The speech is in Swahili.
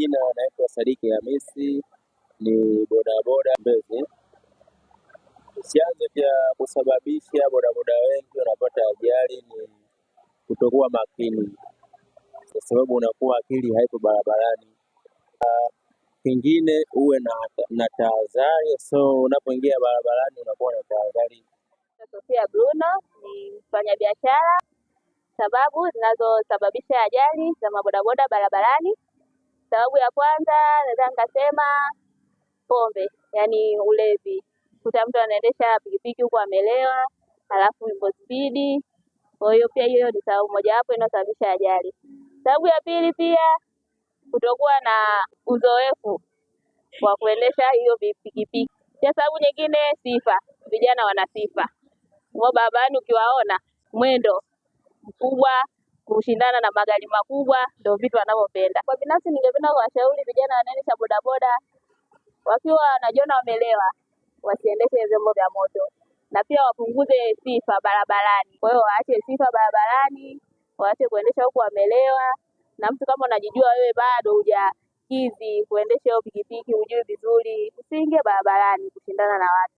Majina anaitwa Sadiki Hamisi, ni bodaboda Mbezi. Chanzo cha kusababisha bodaboda wengi wanapata ajali ni kutokuwa makini, kwa sababu unakuwa akili haipo barabarani. Kingine ah, uwe na, na tahadhari, so unapoingia barabarani unakuwa na tahadhari. Sofia Bruno ni mfanyabiashara. Sababu zinazosababisha ajali za mabodaboda barabarani Sababu ya kwanza naweza nikasema pombe, yaani ulevi, kuta mtu anaendesha pikipiki huku amelewa alafu yuko spidi. Kwa hiyo pia hiyo ni sababu mojawapo inayosababisha ajali. Sababu ya pili pia kutokuwa na uzoefu wa kuendesha hiyo pikipiki. Pia sababu nyingine sifa, vijana wana sifa, wao babani ukiwaona mwendo mkubwa kushindana na magari makubwa, ndio vitu wanavyopenda. Kwa binafsi, ningependa kuwashauri vijana wanaendesha cha bodaboda wakiwa wanajiona wamelewa, wasiendeshe vyombo vya moto, na pia wapunguze sifa barabarani. Kwa hiyo waache sifa barabarani, waache kuendesha huku wamelewa. Na mtu kama unajijua wewe bado hujakidhi kuendesha hiyo pikipiki, hujui vizuri, usiingie barabarani kushindana na watu.